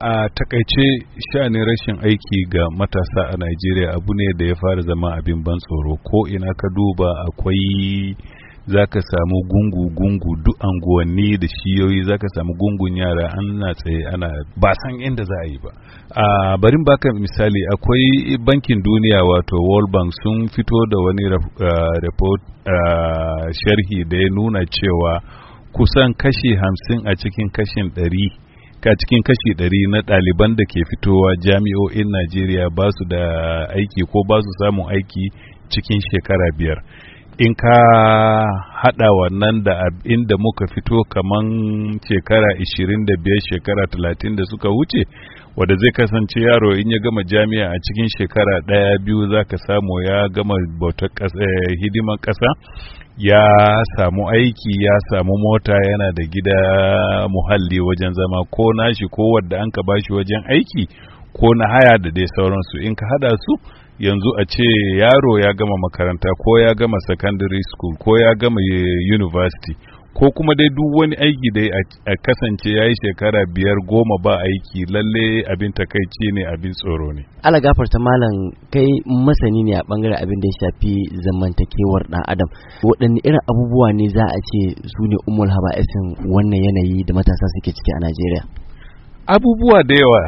a takaice sha'anin rashin aiki ga matasa a najeriya abu ne da ya fara zama abin ban tsoro ko ina ka duba akwai zaka ka samu gungu-gungu duk anguwanni da shiyoyi za ka samu gungun yara ana tsaye ana ba san inda za a yi ba a barin baka misali akwai bankin duniya wato world bank sun fito da wani report sharhi da ya nuna cewa kusan kashi hamsin a cikin kashin ɗari a cikin kashi ɗari na ɗaliban da ke fitowa jami'o'in Najeriya ba su da aiki ko ba su samun aiki cikin shekara biyar. In ka haɗa wannan da inda muka fito kaman shekara 25 shekara 30 da suka wuce wanda zai kasance yaro in ya gama jami'a a cikin shekara ɗaya biyu za ka samu ya gama bautar eh, hidiman ƙasa ya samu aiki ya samu mota yana da gida muhalli wajen zama ko nashi ko wadda an ka bashi wajen aiki ko na haya da dai sauransu in ka haɗa su yanzu a ce yaro ya gama makaranta ko ya gama secondary school ko ya gama eh, university ko kuma dai duk wani aiki dai a kasance ya yi shekara biyar goma ba aiki lalle abin takaici ne abin tsoro ne. Ala gafarta malam kai masani ne a bangaren abin da ya shafi zamantakewar dan adam waɗanne irin abubuwa ne za a ce su ne umul haba'isin wannan yanayi da matasa suke ciki a Najeriya. Abubuwa da yawa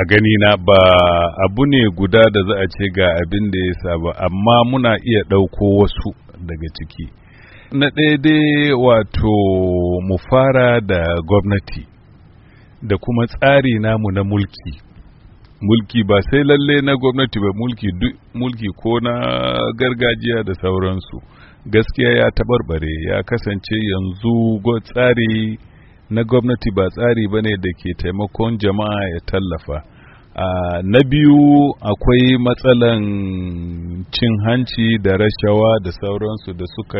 a gani na ba abu ne guda da za a ce ga abin da ya saba amma muna iya ɗauko wasu daga ciki. na ɗaya dai wato mu fara da gwamnati da kuma tsari namu na mulki mulki ba sai lalle na gwamnati ba mulki duk mulki ko na gargajiya da sauransu gaskiya ya tabarbare ya kasance yanzu tsari na gwamnati ba tsari ba ne da ke taimakon jama'a ya tallafa na biyu akwai matsalan cin hanci da rashawa da sauransu da suka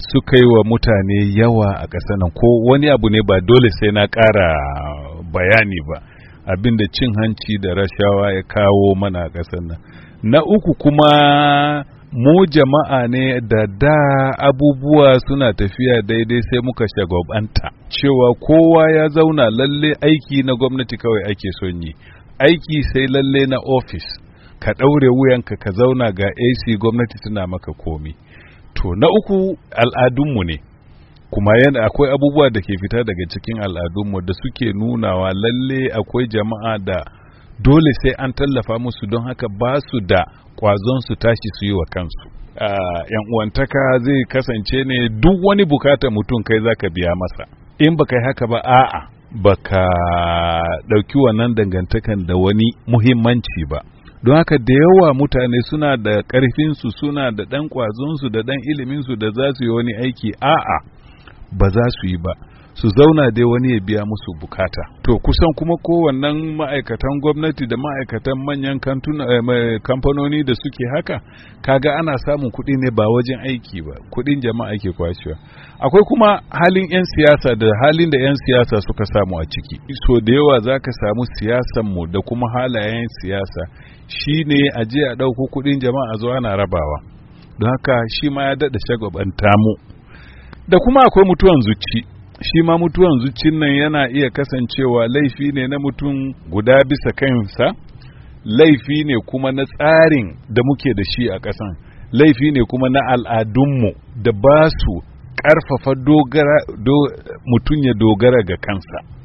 suka yi wa mutane yawa a ƙasar nan ko wani abu ne ba dole sai na ƙara bayani ba abinda cin hanci da rashawa ya kawo mana a ƙasar nan na uku kuma mu jama'a ne da da abubuwa suna tafiya daidai sai muka shagwabanta cewa kowa ya zauna lalle aiki na gwamnati kawai ake son yi aiki sai lalle na ofis ka ɗaure wuyanka ka zauna ga ac gwamnati tana maka komi to na uku al'adunmu ne kuma yana akwai abubuwa da ke fita daga cikin al'adunmu da suke nunawa lalle akwai jama'a da dole sai an tallafa musu don haka ba su da kwazon su tashi su yi wa kansu yan uwantaka zai kasance ne duk wani bukata mutum kai zaka biya masa in baka yi haka ba a'a baka ɗauki wannan dangantakan da wani muhimmanci ba don haka da yawa mutane suna da ƙarfinsu suna da ɗan ƙwazonsu da ɗan iliminsu da za su yi wani aiki a'a ba za su yi ba su zauna dai wani ya biya musu bukata to kusan kuma kowannen ma'aikatan gwamnati da ma'aikatan manyan eh, kamfanoni da suke haka kaga ana samun kuɗi ne ba wajen aiki ba kuɗin jama'a ke kwashewa akwai kuma halin 'yan siyasa da halin da 'yan siyasa suka samu a ciki so da yawa za ka samu siyasan mu da kuma halayen siyasa shine a je a ɗauko kuɗin jama'a zo ana rabawa don haka shi ma ya daɗa shagabanta mu da kuma akwai mutuwan zuci shi ma mutuwan zuccin nan yana iya kasancewa laifi ne na mutum guda bisa kansa laifi ne kuma na tsarin da muke da shi a ƙasan laifi ne kuma na al'adunmu da ba su ƙarfafa mutum ya dogara ga kansa